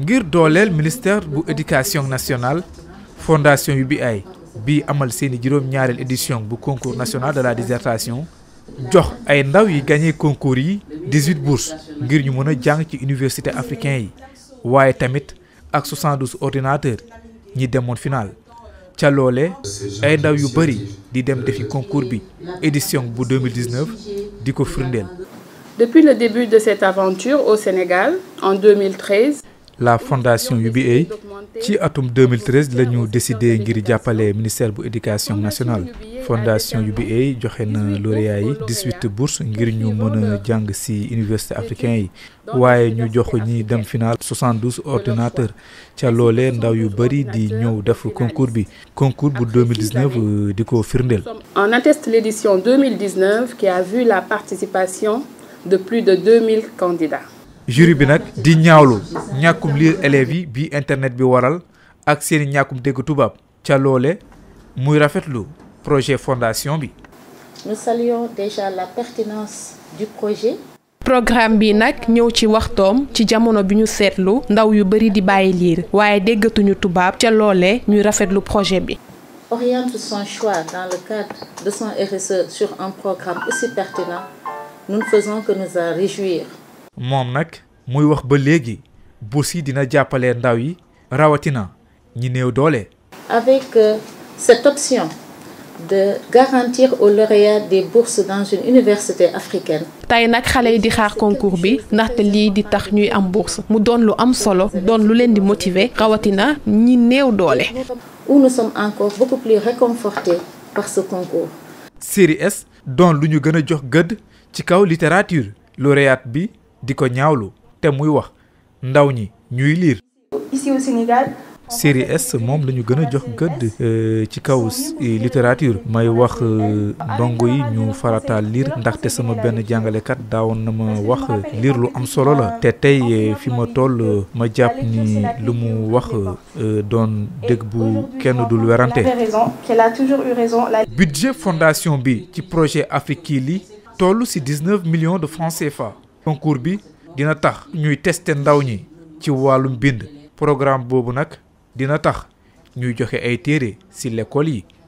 ngir dooleel ministère bu éducation nationale fondation UBI bi amal seeni juróom-ñaareel édition bu concours national de la dissertation jox ay ndaw yi gagné concours yi 18 bourses ngir ñu mën a jàng ci université africain yi waaye tamit ak 72 ordinateurs ñi demoon final ca loole ay ndaw yu bëri di dem defi concours bi édition bu 2019 di ko firndeel. Depuis le début de cette aventure au Sénégal, en la fondation UBA ci atum 2013 la ñu décidé ngir jàppale ministère bu éducation nationale fondation UBA joxe na lauréat yi 18 bourses ngir ñu mën a jàng ci université africain yi waaye ñu jox ñi dem final 72 ordinateur ca loole ndaw yu bëri di ñëw def concours bi concours bu 2019 di ko firndeel. En atteste l'édition qui a vu la participation de plus de 2000 candidats. jury bi nag di ñaawlu ñàkkum liir élèves internet bi waral ak seeni ñàkkum dégg tubaab ca loole rafetlu projet fondation bi. nous saluons déjà la programme bi nag ñëw ci waxtoom ci jamono bi ñu seetlu ndaw yu bari di bàyyi liir waaye déggatuñu tubaab ca loole ñuy rafetlu projet bi. oriente son choix dans le cadre de son RSE sur un programme aussi pertinent. nous ne faisons moom nag muy wax ba léegi bourse yi dina jàppale ndaw yi rawatina ñi néew doole. avec euh, cette option. des bourses tey nag xale yi di xaar concours bi ndaxte lii di tax ñuy am bourse mu doon lu am solo doon lu leen di motive rawatina ñi néew doole. où nous sommes encore beaucoup S doon lu ñu gën a jox gëdd. ci kaw littérature lauréate bi di ko ñaawlu te muy wax ndaw ñi ñuy liir. ici au Sénégal. série S moom la ñu gën a jox gëdd euh, ci kaw euh, littérature may wax euh, ndongo yi ñu farataal liir ndaxte sama benn jàngalekat daawoon na ma wax liir lu am solo la te tey fi ma toll ma jàpp ni lu mu wax doon dégg bu kenn dul werante budget fondation bi ci projet Afrique li toll ci dix-neuf millions de francs CFA. concours bi dina tax ñuy tester ndaw ñi ci wàllum bind programme boobu nag dina tax ñuy joxe ay téere ci lekkool yi.